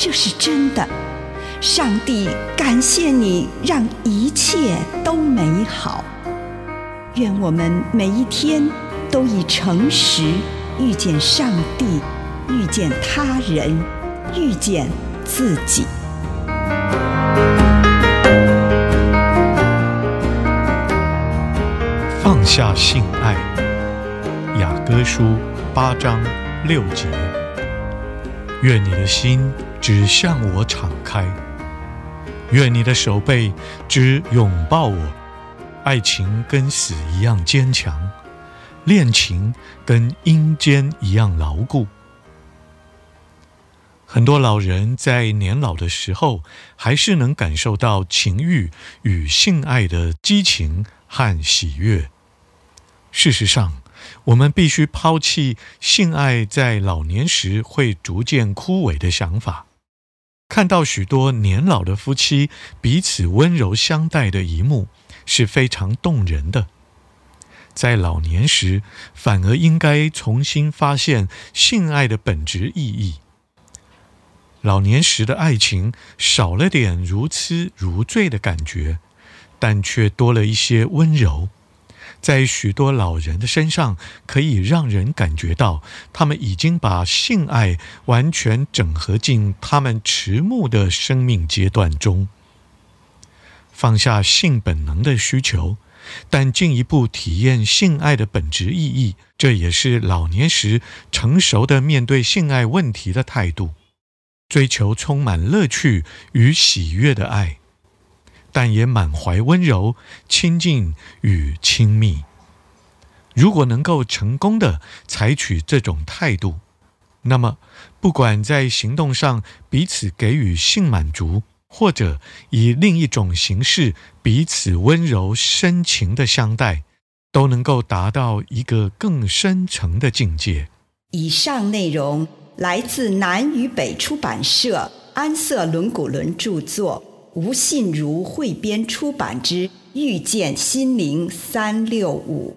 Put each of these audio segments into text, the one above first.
這是真的，上帝感謝你讓一切都美好。願我們每一天都以誠實遇見上帝，遇見他人，遇見自己。放下性愛，雅歌書八章六節。願你的心。只向我敞開，願你的手背只擁抱我。愛情跟死一樣堅強，戀情跟陰間一樣牢固。很多老人在年老的時候，還是能感受到情欲與性愛的激情和喜悅。事實上，我們必須拋棄性愛在老年時會逐漸枯萎的想法。看到許多年老的夫妻彼此溫柔相待的一幕，是非常動人的。在老年時，反而應該重新發現性愛的本質意義。老年時的愛情少了點如痴如醉的感覺，但卻多了一些溫柔。在許多老人的身上，可以讓人感覺到，他們已經把性愛完全整合進他們遲暮的生命階段中，放下性本能的需求，但進一步體驗性愛的本質意義。這也是老年時成熟地面對性愛問題的態度，追求充滿樂趣與喜悅的愛，但也滿懷溫柔、親近與親密。如果能夠成功地採取這種態度，那麼不管在行動上彼此給予性滿足，或者以另一種形式彼此溫柔深情的相待，都能夠達到一個更深層的境界。以上內容來自南與北出版社安瑟倫古倫著作。吳信如彙編出版之《遇見心靈三六五》。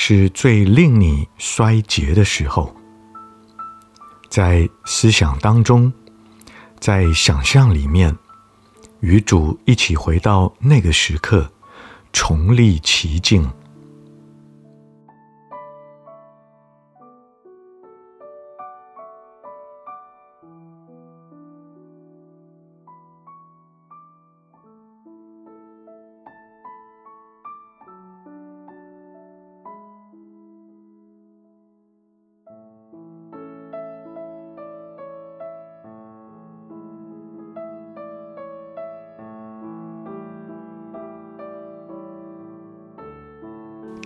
是最令你衰竭的時候，在思想當中，在想象裡面，與主一起回到那個時刻，重歷其境。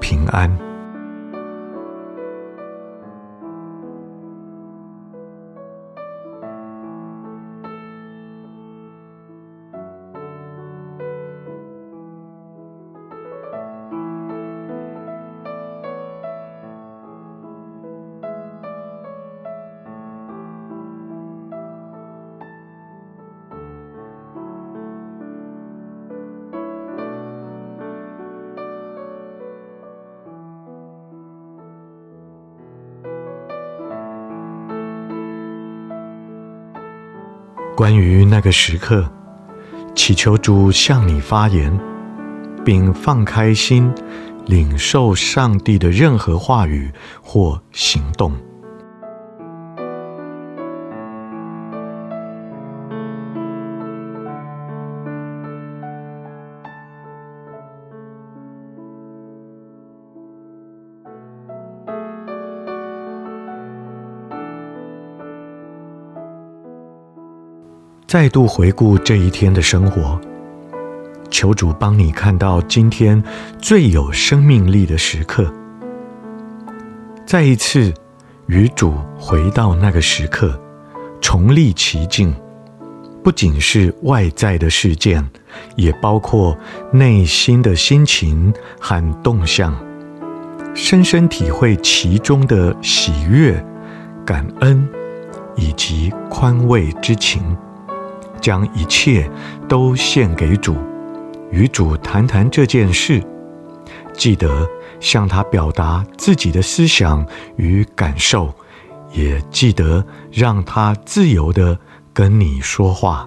平安。關於那個時刻，祈求主向你發言，並放開心領受上帝的任何話語或行動。再度回顧這一天的生活，求主幫你看到今天最有生命力的時刻。再一次與主回到那個時刻，重歷其境，不僅是外在的事件，也包括內心的心情和動向，深深體會其中的喜悅、感恩以及寬慰之情。將一切都獻給主，與主談談這件事。記得向他表達自己的思想與感受，也記得讓他自由地跟你說話。